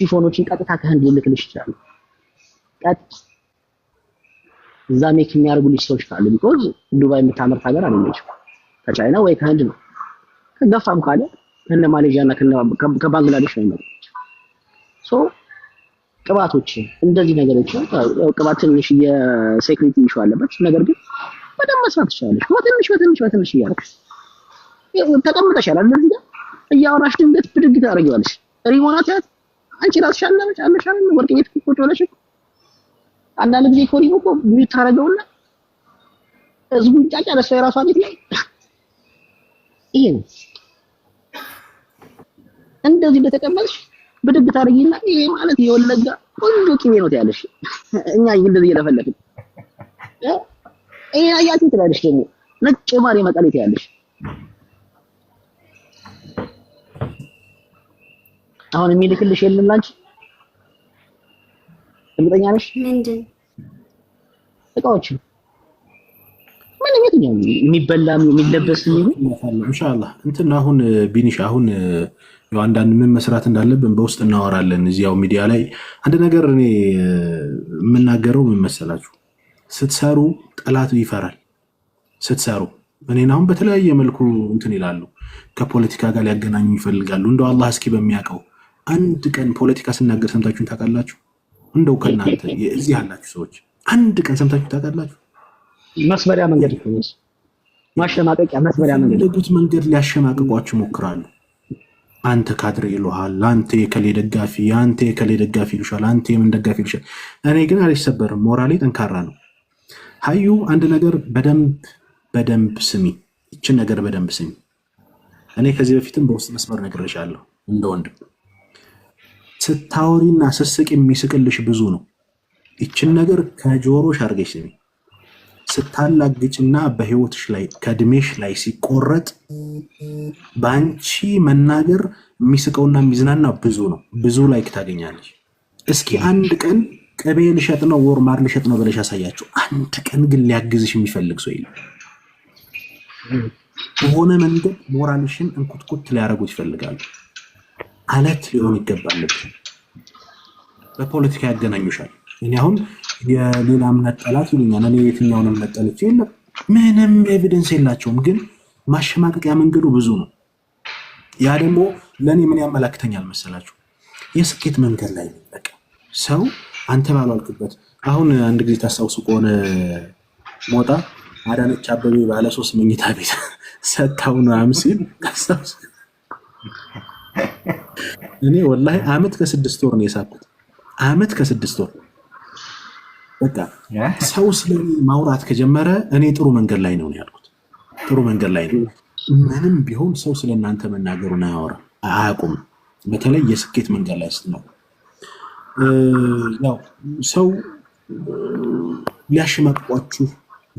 ሺፎኖችን ቀጥታ ከህንድ ልልክልሽ ይችላሉ። ቀጥ እዛ ሜክ የሚያደርጉልሽ ሰዎች ካሉ ቢኮዝ ዱባይ የምታመርት ሀገር አይደለችም። ከቻይና ወይ ከህንድ ነው። ከገፋም ካለ ከነ ማሌዥያ እና ከባንግላዴሽ ነው የሚመጣው። ሶ ቅባቶች እንደዚህ ነገሮች ቅባት ትንሽ የሴኩሪቲ ኢሹ አለበት፣ ነገር ግን በደንብ መስራት ትችላለች። በትንሽ በትንሽ በትንሽ እያደረግሽ ተቀምጠሻል። እንደዚህ ጋር እያወራሽ ድንገት ብድግ ታደርጊዋለሽ። ሪሞናት ያት አንቺ ራስሽ አለመች አለሻል ወርቅ ቤት ቁጭ ብለሽ አንዳንድ ጊዜ ኮሪም እኮ ብዙ ታደርገውና ህዝቡ ጫጫ ለሰው የራሷ ቤት ላይ ይሄ ነው። እንደዚህ እንደተቀመጥሽ ብድግ ታደርጊና ይሄ ማለት የወለጋ ቆንጆ ቅቤ ነው ያለሽ። እኛ እንደዚህ እየለፈለግን ይሄ አያችሁ ትላለሽ። ደግሞ ነጭ ማር የመቀሌት ያለሽ አሁን የሚልክልሽ የለም ላንቺ። እርግጠኛ ነሽ? ምንድን እቃዎችን ምንም የትኛው የሚበላ የሚለበስ ኢንሻአላህ እንትን አሁን ቢኒሽ አሁን ያው አንዳንድ ምን መስራት እንዳለብን በውስጥ እናወራለን። እዚያው ሚዲያ ላይ አንድ ነገር እኔ የምናገረው ምን መሰላችሁ፣ ስትሰሩ ጠላት ይፈራል። ስትሰሩ እኔን አሁን በተለያየ መልኩ እንትን ይላሉ፣ ከፖለቲካ ጋር ሊያገናኙ ይፈልጋሉ። እንደው አላህ እስኪ በሚያውቀው አንድ ቀን ፖለቲካ ስናገር ሰምታችሁን ታውቃላችሁ? እንደው ከእናንተ እዚህ ያላችሁ ሰዎች አንድ ቀን ሰምታችሁ ታውቃላችሁ? መስመሪያ መንገድ ማሸማቀቂያ መስመሪያ መንገድ ጉት መንገድ ሊያሸማቅቋችሁ ሞክራሉ። አንተ ካድሬ ይሉሃል፣ አንተ የከሌ ደጋፊ፣ አንተ የከሌ ደጋፊ ይሉሻል፣ አንተ የምን ደጋፊ ይሉሻል። እኔ ግን አልሰበርም፣ ሞራሌ ጠንካራ ነው። ሀዩ አንድ ነገር በደንብ በደንብ ስሚ፣ ይችን ነገር በደንብ ስሚ። እኔ ከዚህ በፊትም በውስጥ መስመር ነግሬሻለሁ እንደ ወንድም ስታወሪና ስስቅ የሚስቅልሽ ብዙ ነው። ይችን ነገር ከጆሮሽ አድርገሽ ስሚ። ስታላግጭና በህይወትሽ ላይ ከእድሜሽ ላይ ሲቆረጥ በአንቺ መናገር የሚስቀውና የሚዝናና ብዙ ነው። ብዙ ላይክ ታገኛለች። እስኪ አንድ ቀን ቅቤ ልሸጥ ነው ወር ማር ልሸጥ ነው ብለሽ ያሳያቸው። አንድ ቀን ግን ሊያግዝሽ የሚፈልግ ሰው የለም። በሆነ መንገድ ሞራልሽን እንኩትኩት ሊያደርጉት ይፈልጋሉ። አለት ሊሆን ይገባለች። በፖለቲካ ያገናኙሻል። እኔ አሁን የሌላ እምነት ጠላት ይሉኛል። እኔ የትኛውን እምነት ጠልቼ የለም፣ ምንም ኤቪደንስ የላቸውም። ግን ማሸማቀቂያ መንገዱ ብዙ ነው። ያ ደግሞ ለእኔ ምን ያመላክተኛል መሰላችሁ? የስኬት መንገድ ላይ በቃ ሰው አንተ ባሏልክበት አሁን አንድ ጊዜ ታስታውሱ ከሆነ ሞጣ አዳነች አበቤ ባለሶስት መኝታ ቤት ሰታውን ምናምን ሲል ታስታውሱ እኔ ወላሂ አመት ከስድስት ወር ነው የሳኩት። አመት ከስድስት ወር በቃ ሰው ስለ ማውራት ከጀመረ እኔ ጥሩ መንገድ ላይ ነው ያልኩት። ጥሩ መንገድ ላይ ነው። ምንም ቢሆን ሰው ስለ እናንተ መናገሩን አያወራም፣ አያውቁም። በተለይ የስኬት መንገድ ላይ ስትኖር ያው ሰው ሊያሸማቅቋችሁ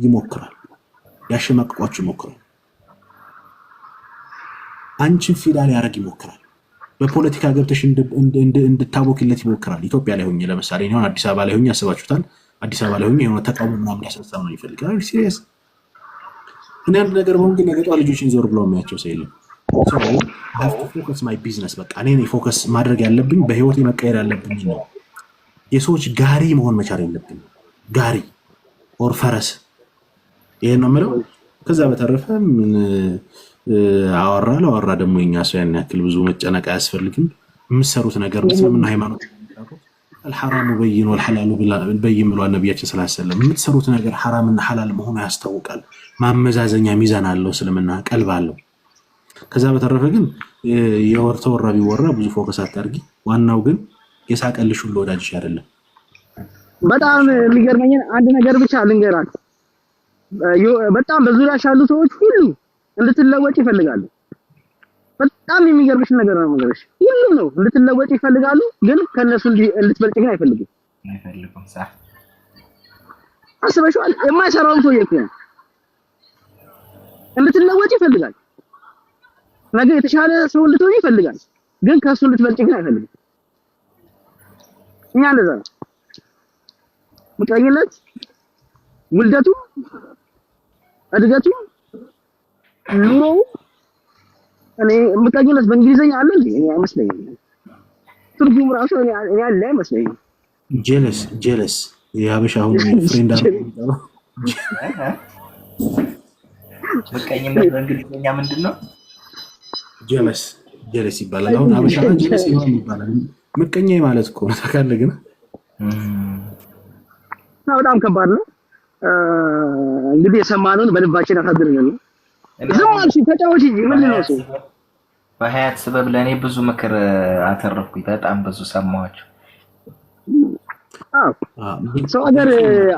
ይሞክራል፣ ሊያሸማቅቋችሁ ይሞክራል፣ አንቺን ፊዳ ሊያደርግ ይሞክራል። በፖለቲካ ገብተሽ እንድታወክለት ይሞክራል። ኢትዮጵያ ላይ ሆኜ ለምሳሌ ሆን አዲስ አበባ ላይ ሆኜ ያስባችሁታል። አዲስ አበባ ላይ ሆኜ የሆነ ተቃውሞ ምናምን ያስነሳ ነው ይፈልጋል። ሲሪየስ እኔ አንድ ነገር በሆን ግን ነገጧ ልጆችን ዞር ብለው የሚያቸው ሰው የለም። ፎከስ ማይ ቢዝነስ በቃ እኔ ፎከስ ማድረግ ያለብኝ በህይወት መቀየር ያለብኝ ነው። የሰዎች ጋሪ መሆን መቻል የለብኝ ጋሪ ኦር ፈረስ ይሄን ነው የምለው። ከዛ በተረፈ ምን አወራ ለአወራ ደግሞ የኛ ሰው ያን ያክል ብዙ መጨነቅ አያስፈልግም። የምሰሩት ነገር ምስልምና ሃይማኖት አልሐራሙ በይን ወልሐላሉ በይን ብሏል ነቢያችን ስላ ሰለም። የምትሰሩት ነገር ሐራምና ሐላል መሆኑ ያስታውቃል። ማመዛዘኛ ሚዛን አለው እስልምና ቀልብ አለው። ከዛ በተረፈ ግን የወር ተወራ ቢወራ ብዙ ፎከስ አታርጊ። ዋናው ግን የሳቀልሽ ሁሉ ወዳጅሽ አይደለም። በጣም የሚገርመኝን አንድ ነገር ብቻ ልንገራል። በጣም በዙሪያሽ ያሉ ሰዎች ሁሉ እንድትለወጭ ይፈልጋሉ። በጣም የሚገርምሽ ነገር ነው ነገርሽ። ሁሉም ነው እንድትለወጭ ይፈልጋሉ፣ ግን ከነሱ እንድትበልጭ ግን አይፈልጉም። አይፈልጉም አስበሽዋል። የማይሰራውን ሰውዬ እኮ ነው እንድትለወጭ ይፈልጋል። ነገ የተሻለ ሰው እንድትሆን ይፈልጋል፣ ግን ከሱ እንድትበልጭ ግን አይፈልግም። እኛ እንደዛ ነው። ምቀኝነት ውልደቱ እድገቱ እኔ ምቀኝነት በእንግሊዘኛ አለ እንዴ? እኔ አይመስለኝም። ትርጉም ራሱ እኔ አይመስለኝም። ጀለስ ጀለስ የሀበሻ አሁን ፍሬንድ ምቀኝነት ምንድን ነው? ጀለስ ጀለስ ይባላል። አሁን ሀበሻ ጀለስ ይሆን ይባላል። ምቀኛ ማለት እኮ ታውቃለህ። ግን በጣም ከባድ ነው። እንግዲህ የሰማነውን በልባችን አሳድርልን ነው ዝም አልሽኝ፣ ተጫወች እንጂ ምን ነው በሀያት ስበብ ለእኔ ብዙ ምክር አተረፍኩኝ። በጣም ብዙ ሰማኋቸው። ሰው ሀገር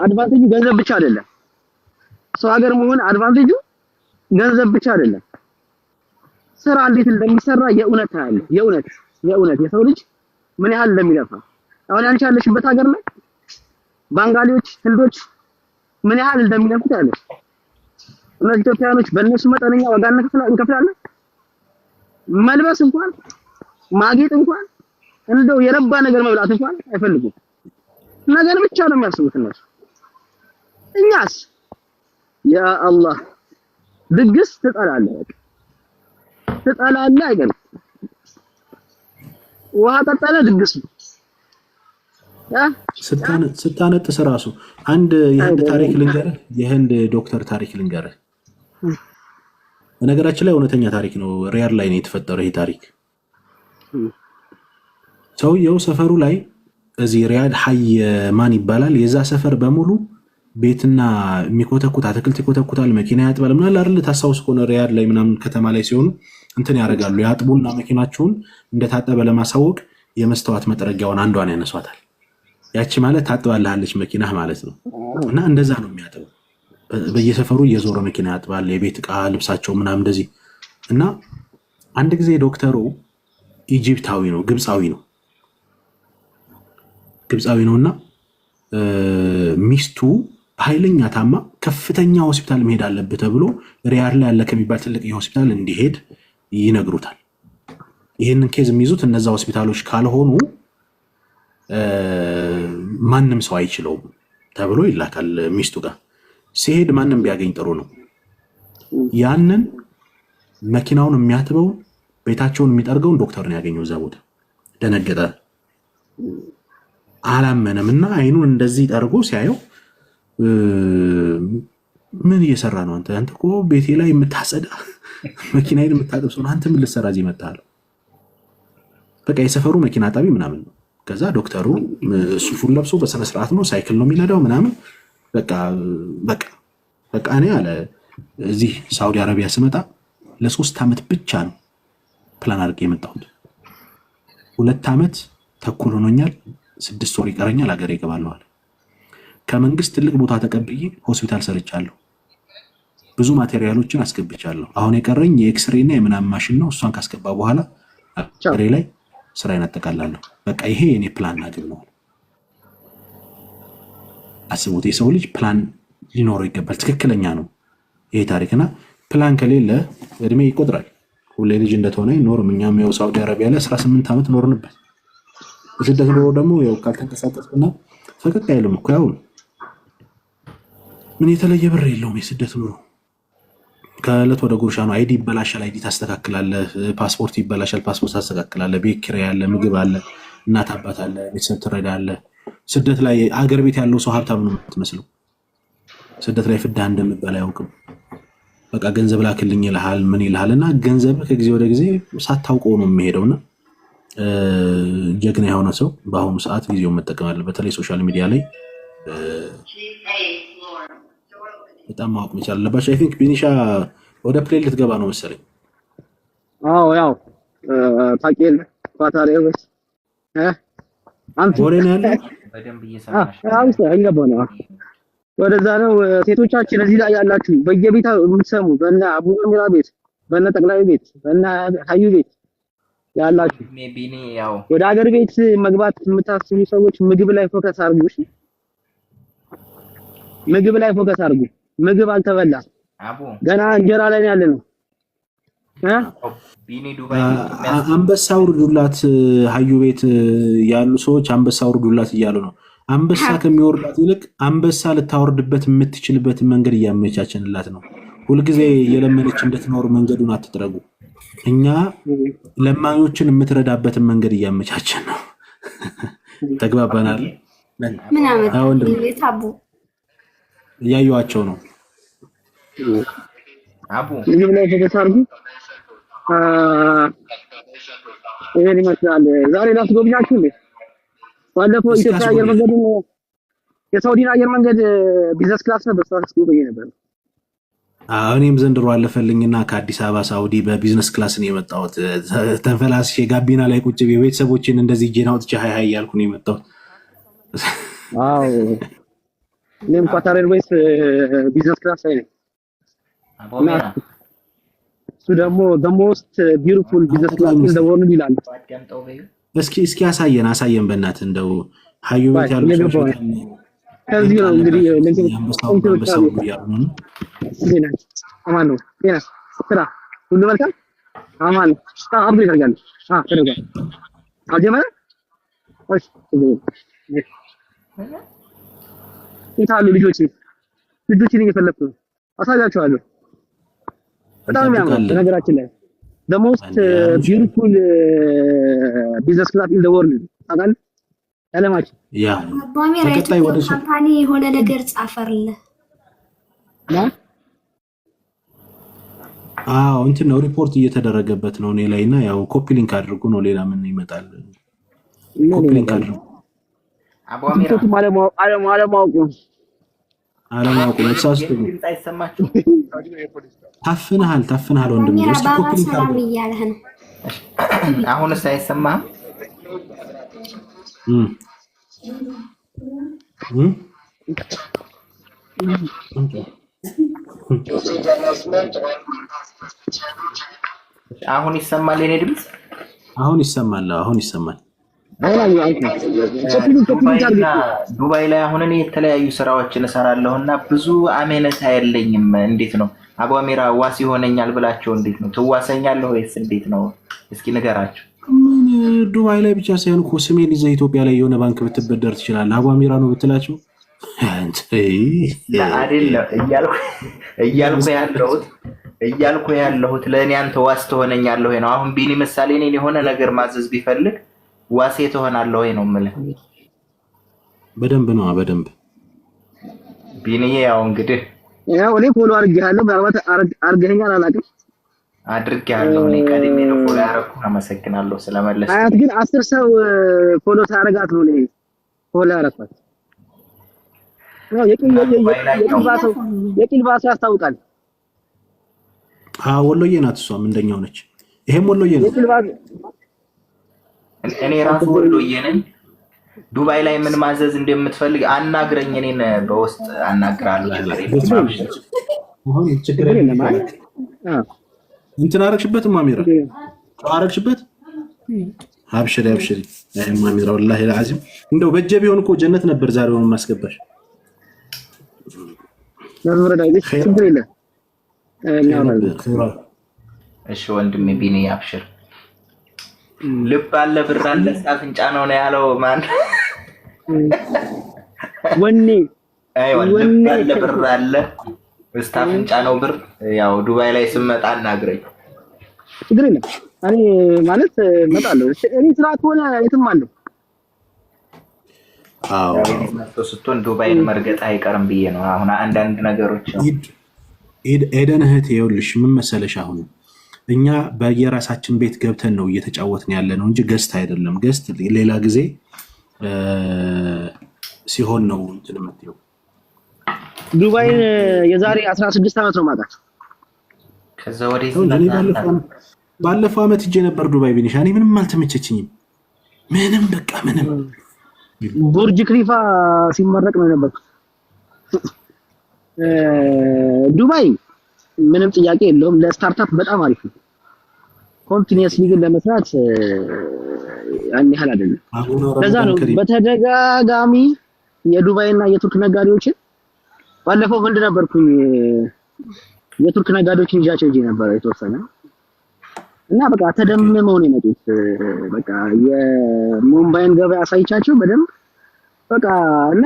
አድቫንቴጁ ገንዘብ ብቻ አይደለም። ሰው ሀገር መሆን አድቫንቴጁ ገንዘብ ብቻ አይደለም። ስራ እንዴት እንደሚሰራ የእውነት አለ። የእውነት የእውነት የሰው ልጅ ምን ያህል እንደሚለፋ አሁን አንቺ ያለሽበት ሀገር ላይ ባንጋሊዎች፣ ህንዶች ምን ያህል እንደሚለፉት ያለሽ ለኢትዮጵያኖች በእነሱ መጠነኛ ዋጋ እንከፍላለን። መልበስ እንኳን ማጌጥ እንኳን እንደው የረባ ነገር መብላት እንኳን አይፈልጉም። ነገር ብቻ ነው የሚያስቡት እነሱ። እኛስ ያ አላህ ድግስ ትጠላለህ፣ ትጠላለህ አይገርም። ውሃ ጠጣለ ድግስ ስታነጥስ ራሱ። አንድ የህንድ ታሪክ ልንገርህ፣ የህንድ ዶክተር ታሪክ ልንገርህ በነገራችን ላይ እውነተኛ ታሪክ ነው። ሪያድ ላይ ነው የተፈጠረው ይሄ ታሪክ። ሰውየው ሰፈሩ ላይ እዚህ ሪያድ ሀይ ማን ይባላል። የዛ ሰፈር በሙሉ ቤትና የሚኮተኩት አትክልት ይኮተኩታል፣ መኪና ያጥባል። ምናል አይደል ታስታውስ ከሆነ ሪያድ ላይ ምናምን ከተማ ላይ ሲሆኑ እንትን ያደርጋሉ። ያጥቡና መኪናቸውን እንደታጠበ ለማሳወቅ የመስተዋት መጥረጊያውን አንዷን ያነሷታል። ያቺ ማለት ታጥባልሃለች መኪናህ ማለት ነው። እና እንደዛ ነው የሚያጥበው በየሰፈሩ እየዞረ መኪና ያጥባል፣ የቤት እቃ ልብሳቸው ምናምን እንደዚህ እና አንድ ጊዜ ዶክተሩ ኢጂፕታዊ ነው ግብፃዊ ነው ግብፃዊ ነው እና ሚስቱ ኃይለኛ ታማ ከፍተኛ ሆስፒታል መሄድ አለብህ ተብሎ ሪያድ ላይ ያለ ከሚባል ትልቅ የሆስፒታል እንዲሄድ ይነግሩታል። ይህንን ኬዝ የሚይዙት እነዛ ሆስፒታሎች ካልሆኑ ማንም ሰው አይችለውም ተብሎ ይላካል ሚስቱ ጋር ሲሄድ ማንም ቢያገኝ ጥሩ ነው። ያንን መኪናውን የሚያትበውን ቤታቸውን የሚጠርገውን ዶክተር ነው ያገኘው። እዛ ቦታ ደነገጠ፣ አላመነም እና አይኑን እንደዚህ ጠርጎ ሲያየው ምን እየሰራ ነው አንተ? አንተ እኮ ቤቴ ላይ የምታጸዳ መኪናዬን የምታጥብ ሰው አንተ ምን ልትሰራ እዚህ መጣህ? በቃ የሰፈሩ መኪና አጣቢ ምናምን ነው። ከዛ ዶክተሩ ሱፉን ለብሶ በስነስርዓት ነው ሳይክል ነው የሚነዳው ምናምን በቃ በቃ በቃ እኔ አለ እዚህ ሳውዲ አረቢያ ስመጣ ለሶስት ዓመት ብቻ ነው ፕላን አድርጌ የመጣሁት። ሁለት ዓመት ተኩል ሆኖኛል። ስድስት ወር ይቀረኛል፣ ሀገር ይገባለዋል። ከመንግስት ትልቅ ቦታ ተቀብዬ ሆስፒታል ሰርቻለሁ። ብዙ ማቴሪያሎችን አስገብቻለሁ። አሁን የቀረኝ የኤክስሬ እና የምናምን ማሽን ነው። እሷን ካስገባ በኋላ ሀገሬ ላይ ስራዬን አጠቃላለሁ። በቃ ይሄ የኔ ፕላን ናግብ ነው። አስቡት። የሰው ልጅ ፕላን ሊኖረው ይገባል። ትክክለኛ ነው ይሄ ታሪክና ፕላን ከሌለ እድሜ ይቆጥራል። ሁሌ ልጅ እንደተሆነ ኖርም። እኛም ያው ሳውዲ አረቢያ ላይ 18 ዓመት ኖርንበት። በስደት ኖሮ ደግሞ ያው ካልተንቀሳቀስና ፈቀቅ አይልም እኮ ያው ምን የተለየ ብር የለውም የስደት ኑሮ። ከእለት ወደ ጉርሻ ነው። አይዲ ይበላሻል፣ አይዲ ታስተካክላለህ። ፓስፖርት ይበላሻል፣ ፓስፖርት ታስተካክላለህ። ቤት ኪራይ አለ፣ ምግብ አለ፣ እናት አባት አለ፣ ቤተሰብ ትረዳለህ። ስደት ላይ ሀገር ቤት ያለው ሰው ሀብታም ነው የምትመስለው። ስደት ላይ ፍዳህ እንደሚባል አያውቅም። በቃ ገንዘብ ላክልኝ ይልሃል፣ ምን ይልሃል። እና ገንዘብ ከጊዜ ወደ ጊዜ ሳታውቀው ነው የሚሄደው። እና ጀግና የሆነ ሰው በአሁኑ ሰዓት ጊዜውን መጠቀም አለ። በተለይ ሶሻል ሚዲያ ላይ በጣም ማወቅ መቻል አለባቸው። አይ ቲንክ ቢኒሻ ወደ ፕሌል ልትገባ ነው መሰለኝ። አዎ ያው ታውቂ የለ ወደዛ ነው ሴቶቻችን፣ እዚህ ላይ ያላችሁ በየቤታ የምትሰሙ በእነ አቡ ቤት፣ በእነ ጠቅላይ ቤት፣ በእነ ሀዩ ቤት ያላችሁ ወደ ሀገር ቤት መግባት የምታስቡ ሰዎች ምግብ ላይ ፎከስ አድርጉ። እሺ፣ ምግብ ላይ ፎከስ አድርጉ። ምግብ አልተበላ ገና እንጀራ ላይ ያለ ነው። አንበሳ ውርዱላት ሀዩ ቤት ያሉ ሰዎች አንበሳ ውርዱላት እያሉ ነው። አንበሳ ከሚወርዳት ይልቅ አንበሳ ልታወርድበት የምትችልበት መንገድ እያመቻችንላት ነው። ሁልጊዜ የለመነች እንድትኖር መንገዱን አትጥረጉ። እኛ ለማኞችን የምትረዳበትን መንገድ እያመቻችን ነው። ተግባባናል። ነው። ይሄን ይመስላል። ዛሬ ላስጎብኛችሁ እንዴ። ባለፈው ኢትዮጵያ አየር መንገድ የሳውዲን አየር መንገድ ቢዝነስ ክላስ ነበር ሳስጎበኝ ነበር። እኔም ዘንድሮ አለፈልኝና ከአዲስ አበባ ሳውዲ በቢዝነስ ክላስ ነው የመጣሁት። ተንፈላስሼ ጋቢና ላይ ቁጭ ብዬ ቤተሰቦችን እንደዚህ እጄን አውጥቼ ሀይ ሀይ እያልኩ ነው የመጣሁት። አዎ እኔም ኳታር ኤርዌይስ ቢዝነስ ክላስ ላይ ነኝ። እሱ ደግሞ ዘ ሞስት ቢዩቲፉል ቢዝነስ ክላስ ኢን ዘ ወርልድ ይላል። እስኪ እስኪ አሳየን አሳየን፣ በእናትህ እንደው ሀዩ ቤት ያሉ ሰዎች ከዚህ ነው እንግዲህ አማን ነው ጤና ስራ ሁሉ መልካም አማን አብዱ ይደርጋል አ ተደጋ አጀመረ እሺ የት አሉ ልጆች ልጆችን እየፈለኩ ነው አሳያቸዋለሁ በጣም ያምራል። ነገራችን ላይ the most ቢዝነስ uh, uh, business class in the world ታውቃለህ። የሆነ ነገር አዎ እንትን ነው ሪፖርት እየተደረገበት ነው እኔ ላይ እና ያው ኮፒ ሊንክ አድርጉ ነው። ሌላ ምን ይመጣል? ሊንክ አድርጉ። አለማወቁ አለማወቁ ተሳስቶ ነው። ታፍንሃል፣ ታፍንሃል ወንድም እያለህ ነው። ስ አይሰማህም? አሁን ይሰማል። የኔ ድምፅ አሁን ይሰማል። አሁን ይሰማል። ዱባይ ላይ አሁን እኔ የተለያዩ ስራዎችን እሰራለሁ እና ብዙ አሜነት አያለኝም እንዴት ነው አቧሜራ ዋስ ይሆነኛል ብላቸው እንዴት ነው ትዋሰኛለሁ ወይስ እንዴት ነው? እስኪ ንገራቸው። ዱባይ ላይ ብቻ ሳይሆን እኮ ስሜን ይዘህ ኢትዮጵያ ላይ የሆነ ባንክ ብትበደር ትችላለህ። አቧሜራ ነው ብትላቸው እያልኩ ያለሁት እያልኩ ያለሁት ለእኔ አንተ ዋስ ትሆነኛለህ ነው። አሁን ቢኒ ምሳሌ እኔን የሆነ ነገር ማዘዝ ቢፈልግ ዋሴ ትሆናለህ ወይ ነው የምልህ። በደንብ ነው በደንብ ቢንዬ። ያው እንግዲህ ያው እኔ ፎሎ አድርጌሃለሁ፣ ምናልባት አድርገኸኛል አላውቅም። አድርጌሃለሁ እኔ ቀድሜ ነው ፎሎ ያደረኩህ። አመሰግናለሁ ስለመለስ። አያት ግን አስር ሰው ፎሎ ሳያደርጋት ነው እኔ ፎሎ ያደረኳት። የቂልባ ሰው ያስታውቃል። ወሎዬ ናት እሷም፣ እንደኛው ነች። ይሄም ወሎዬ ነው። እኔ ራሱ ወሎዬ ነኝ። ዱባይ ላይ ምን ማዘዝ እንደምትፈልግ አናግረኝ፣ እኔን በውስጥ አናግራለሁ። እንትን አረግሽበት፣ ማሚራ አረግሽበት። አብሽሪ አብሽሪ፣ ማሚራ ወላሂ ለአዚም እንደው በጀ ቢሆን እኮ ጀነት ነበር ዛሬ ሆኑ ማስገባሽ። እሺ ወንድሜ ቢኒ አብሽር ልብ አለ ብር አለ አፍንጫ ነው ነው ያለው ማን ወኔ አይዋ ልብ አለ ብር አለ እስታ አፍንጫ ነው ብር ያው ዱባይ ላይ ስመጣ አናግረኝ ችግር የለም እኔ ማለት እመጣለሁ እኔ ስራ ከሆነ የትም አለው አዎ ስትሆን ዱባይን መርገጥ አይቀርም ብዬ ነው አሁን አንዳንድ ነገሮች ሄደን እህት ይኸውልሽ ምን መሰለሽ አሁን እኛ በየራሳችን ቤት ገብተን ነው እየተጫወትን ያለ ነው እንጂ ገስት አይደለም። ገስት ሌላ ጊዜ ሲሆን ነው እንትን የምትይው። ዱባይን የዛሬ 16 ዓመት ነው ማለት ከዛ ወዴት ባለፈው ዓመት እጄ ነበር ዱባይ ቢኒሻ። እኔ ምንም አልተመቸችኝም። ምንም በቃ ምንም። ቡርጅ ክሊፋ ሲመረቅ ነው የነበርኩት ዱባይ ምንም ጥያቄ የለውም። ለስታርታፕ በጣም አሪፍ ነው። ኮንቲኒየስሊ ግን ለመስራት ያን ያህል አይደለም። ለዛ ነው በተደጋጋሚ የዱባይና የቱርክ ነጋዴዎችን ባለፈው ህንድ ነበርኩኝ። የቱርክ ነጋዴዎችን ይዣቸው ይዤ ነበረ የተወሰነ እና በቃ ተደምመው ነው የመጡት። በቃ የሙምባይን ገበያ አሳይቻቸው በደንብ በቃ እና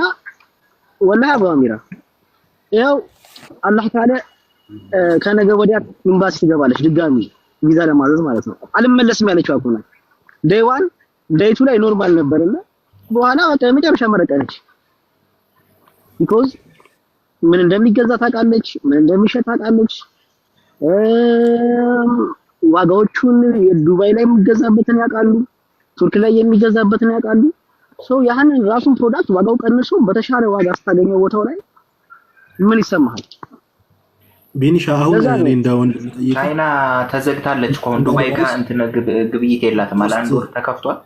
ወላሂ አቡ አሚራ ያው አላህ ካለ ከነገ ወዲያ ኤምባሲ ትገባለች ድጋሚ ቪዛ ለማዘዝ ማለት ነው። አልመለስም ያለችው አቁና ዴይ ዋን ዴይ ቱ ላይ ኖርማል ነበርና በኋላ መጨረሻ መረቀነች። ቢኮዝ ምን እንደሚገዛ ታውቃለች፣ ምን እንደሚሸጥ ታውቃለች። ዋጋዎቹን የዱባይ ላይ የሚገዛበትን ያውቃሉ፣ ቱርክ ላይ የሚገዛበትን ያውቃሉ። ሶ ያህንን ራሱን ፕሮዳክት ዋጋው ቀንሶ በተሻለ ዋጋ ስታገኘው ቦታው ላይ ምን ይሰማሃል? ቤኒሻ አሁን እኔ እንዳሁን ቻይና ተዘግታለች። ከወንዱባይ ጋር እንትን ግብይት የላትም አለ። አንድ ወር ተከፍቷል።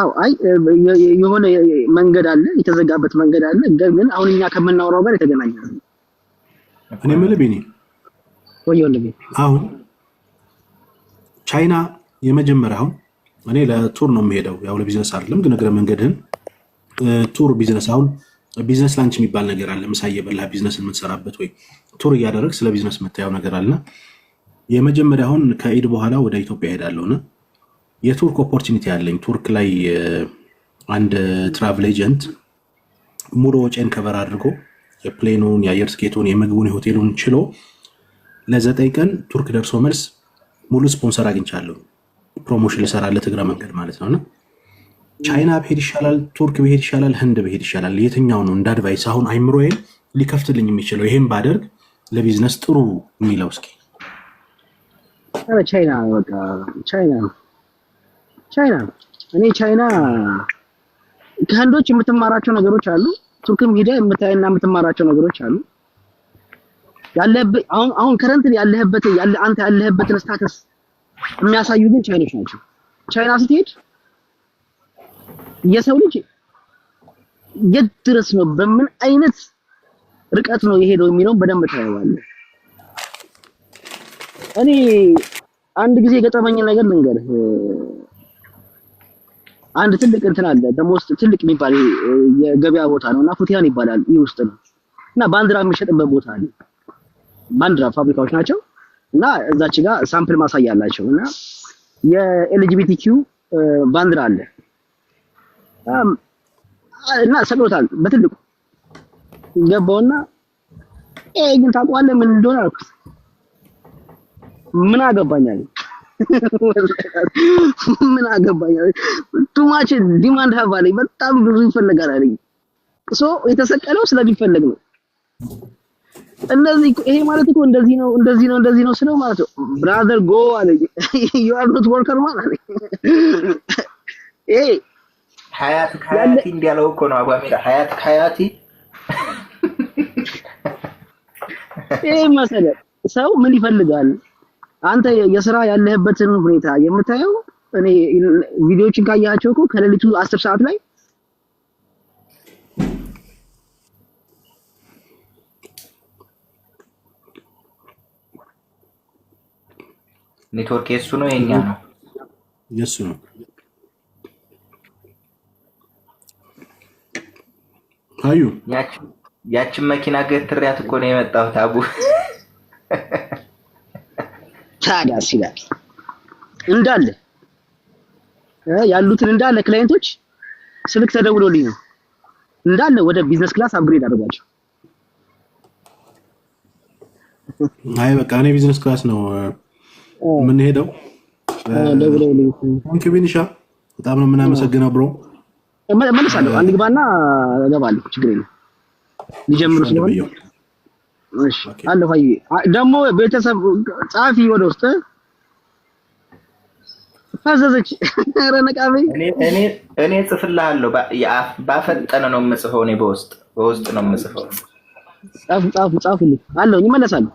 አዎ የሆነ መንገድ አለ፣ የተዘጋበት መንገድ አለ። ግን አሁን እኛ ከምናወራው ጋር የተገናኘ እኔ የምልህ ቤኒ አሁን ቻይና የመጀመሪያ አሁን እኔ ለቱር ነው የምሄደው፣ ያው ለቢዝነስ አይደለም። ግን እግረ መንገድህን ቱር ቢዝነስ አሁን ቢዝነስ ላንች የሚባል ነገር አለ። ምሳ እየበላህ ቢዝነስ የምትሰራበት ወይ ቱር እያደረግ ስለ ቢዝነስ የምታየው ነገር አለ። የመጀመሪያ አሁን ከኢድ በኋላ ወደ ኢትዮጵያ ሄዳለሁና የቱርክ ኦፖርቹኒቲ አለኝ። ቱርክ ላይ አንድ ትራቭል ኤጀንት ሙሉ ወጪን ከበር አድርጎ የፕሌኑን፣ የአየር ስኬቱን፣ የምግቡን፣ የሆቴሉን ችሎ ለዘጠኝ ቀን ቱርክ ደርሶ መልስ ሙሉ ስፖንሰር አግኝቻለሁ። ፕሮሞሽን ልሰራለት እግረ መንገድ ማለት ነውና ቻይና ብሄድ ይሻላል፣ ቱርክ ብሄድ ይሻላል፣ ህንድ ብሄድ ይሻላል፣ የትኛው ነው እንደ አድቫይስ አሁን አይምሮዬን ሊከፍትልኝ የሚችለው ይሄን ባደርግ ለቢዝነስ ጥሩ የሚለው እስኪ ቻይና ቻይና ቻይና እኔ ቻይና ከህንዶች የምትማራቸው ነገሮች አሉ። ቱርክም ሄደህ የምታይና የምትማራቸው ነገሮች አሉ። ያለህበት አሁን አሁን ከረንት ያለህበት አንተ ያለህበትን ስታተስ የሚያሳዩ ግን ቻይኖች ናቸው። ቻይና ስትሄድ የሰው ልጅ የት ድረስ ነው በምን አይነት ርቀት ነው የሄደው የሚለውን በደንብ ታየዋለህ። እኔ አንድ ጊዜ የገጠመኝን ነገር ልንገርህ። አንድ ትልቅ እንትን አለ ደግሞ ትልቅ የሚባል የገበያ ቦታ ነው እና ፉቲያን ይባላል። ይህ ውስጥ ነው እና ባንዲራ የሚሸጥበት ቦታ አለ። ባንዲራ ፋብሪካዎች ናቸው እና እዛች ጋር ሳምፕል ማሳያ አላቸው እና የኤልጂቢቲኪው ባንዲራ አለ እና ሰቅሎታል በትልቁ ገባውና ይሄ ግን ታውቀዋለህ ምን እንደሆነ አልኩት። ምን አገባኛል ምን አገባኛል ቱማች ዲማንድ ሀብ አለኝ። በጣም ብዙ ይፈለጋል አለኝ። ሶ የተሰቀለው ስለሚፈለግ ነው። እንደዚህ ይሄ ማለት እኮ እንደዚህ ነው እንደዚህ ነው እንደዚህ ነው ስለው ማለት ነው ብራዘር ጎ አለኝ። ዩ አር ኖት ወርከር ማለት ይሄ ሀያት እንዲያለው እኮ ነው ሀያት ይህ ሰው ምን ይፈልጋል አንተ የስራ ያለህበትን ሁኔታ የምታየው እኔ ቪዲዮዎችን ካያቸው እኮ ከሌሊቱ አስር ሰዓት ላይ ኔትወርክ የሱ ነው የኛ ነው የሱ ነው ታዩ ያችን መኪና ገትሪያት እኮ ነው የመጣው። ታቡ ታዳ ይላል እንዳለ ያሉትን እንዳለ ክላይንቶች ስልክ ተደውሎልኝ ነው እንዳለ ወደ ቢዝነስ ክላስ አፕግሬድ አድርጓቸው። አይ በቃ እኔ ቢዝነስ ክላስ ነው የምንሄደው። ሄደው ቢኒሻ በጣም ነው የምናመሰግነው ብሮ እመልሳለሁ። አንድ ግባና እገባለሁ። ችግር የለም። ሊጀምሩ ስለሆነ እሺ። አለ ፋይ ደግሞ ቤተሰብ ጻፊ ወደ ውስጥ ፈዘዘች። ኧረ ነቃቤ እኔ እኔ እኔ ጽፍልሃለሁ። ባፈጠነ ነው የምጽፈው። እኔ በውስጥ በውስጥ ነው የምጽፈው። ጻፍ ጻፍ ጻፍ። አለሁኝ። እመለሳለሁ